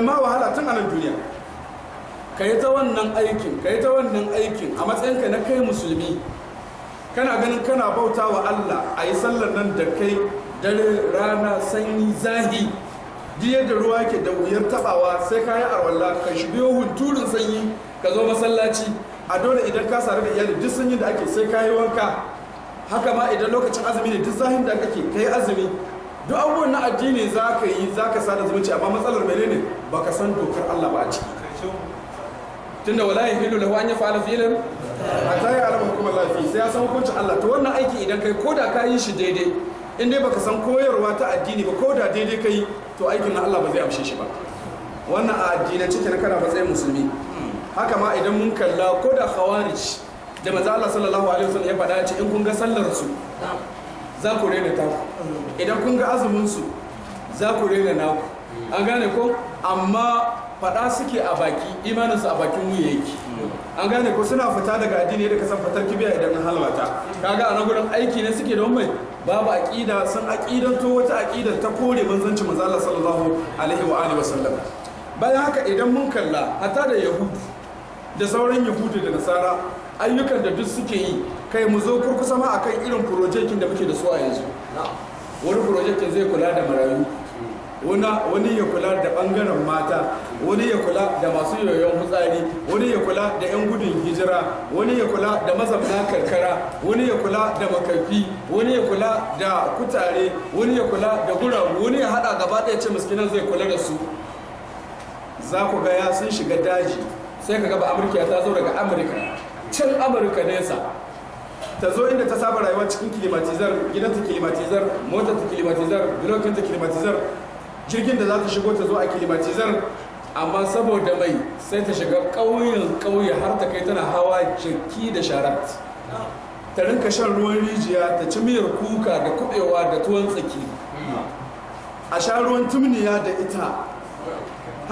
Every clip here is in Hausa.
ma wahala tun a nan duniya ka yi ta wannan aikin ka yi ta wannan aikin a matsayinka na kai musulmi kana ganin kana bauta wa Allah a yi sallar nan da kai dare rana sanyi zahi duk da ruwa ke da wuyar tabawa sai ka yi arwalla ka shigo hunturin sanyi ka zo masallaci a dole idan ka sare da iyali duk sanyin da ake sai ka yi wanka haka ma idan lokacin azumi ne duk zahin da kake ka yi azumi duk abubuwan na addini za ka yi za ka sada zumunci amma matsalar mene ne ba ka san dokar Allah ba a ciki da wala ya hilu lahu an ya filin. A ta yi alama kuma lafi sai ya san hukuncin Allah to wannan aiki idan kai da ka yi shi daidai in dai baka san koyarwa ta addini ba ko da daidai kai to aikin na Allah ba zai amshe shi ba wannan a addinin cikin kana matsayin musulmi haka ma idan mun kalla ko da khawarij da manzo Allah sallallahu alaihi wasallam ya faɗa ya ce in kun ga sallar su za ku raina taku idan kun ga azumin su za ku raina naku an gane ko amma faɗa suke a baki imaninsu a bakin wuya yake an gane ko suna fita daga addini da kasan fatar kibiya idan an halwata kaga a gurin aiki ne suke don mai babu aqida sun aqidanto wata aqidar ta kore manzanci manzo Allah sallallahu alaihi wa alihi wasallam bayan haka idan mun kalla hatta da yahudu da sauran yahudu da nasara ayyukan da duk suke yi kai mu zo kurkusa ma kan irin projekin da muke da su a yanzu wani projekin zai kula da marayu wani ya kula da bangaren mata wani ya kula da masu yoyon fitsari wani ya kula da 'yan gudun hijira wani ya kula da mazauna karkara wani ya kula da makafi wani ya kula da kutare wani ya kula da guragu wani ya hada gaba ɗaya ce miskinan zai kula da su za ku ga ya sun shiga daji sai ka gaba amurka ta zo daga amurka can amurka nesa ta zo inda ta saba rayuwa cikin kilimatizar gidanta kilimatizar motar ta kilimatizar bilokin ta kilimatizar jirgin da za ta shigo ta zo a kilimatizar amma saboda mai sai ta shiga ƙauyen ƙauye har ta kai tana hawa jirki da sharat ta rinka shan ruwan rijiya ta ci miyar kuka da kuɓewa da tuwon tsaki a sha ruwan tumniya da ita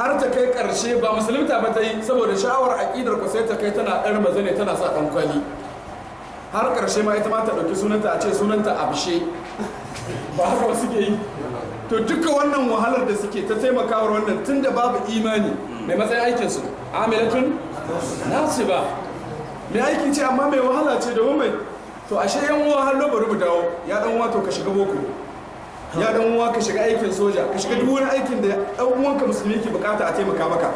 har ta kai karshe ba musulunta ba ta yi saboda sha'awar aƙidar ku sai ta kai tana ɗar mazane tana sa ɗankwali har karshe ma ita ma ta ɗauki sunanta a ce sunanta abshe ba haka suke yi to duka wannan wahalar da suke ta taimakawar wannan tun da babu imani mai matsayin aikinsu amilatun nasu ba mai aiki ce amma mai wahala ce domin mai to ashe yan wahalar bari mu dawo ya ɗan wato ka shiga boko ya dan uwa ka shiga aikin soja ka shiga duk wani aikin da dan uwanka musulmi ke bukata a taimaka maka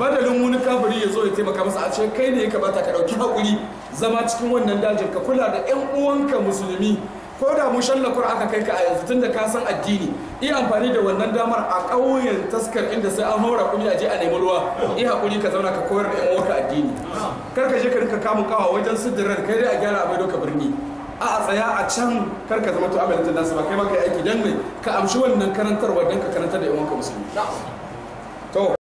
badalin wani kafiri ya zo ya taimaka masa a ce kai ne ya kamata ka dauki hakuri zama cikin wannan dajin ka kula da yan uwanka musulmi ko da mu shalla aka kai ka a yanzu tunda ka san addini yi amfani da wannan damar a ƙauyen taskar inda sai an haura kuɗi a je a nemi ruwa yi hakuri ka zauna ka koyar da yan ka addini kar ka je ka rinka kamun kawa wajen sidirar kai dai a gyara abai doka birni A'a, a tsaya a can kar ka zama ta abalin tun nasu ba kai ma aiki dan mai ka amshi wannan karantarwa dan ka karantar da yawan ka musulmi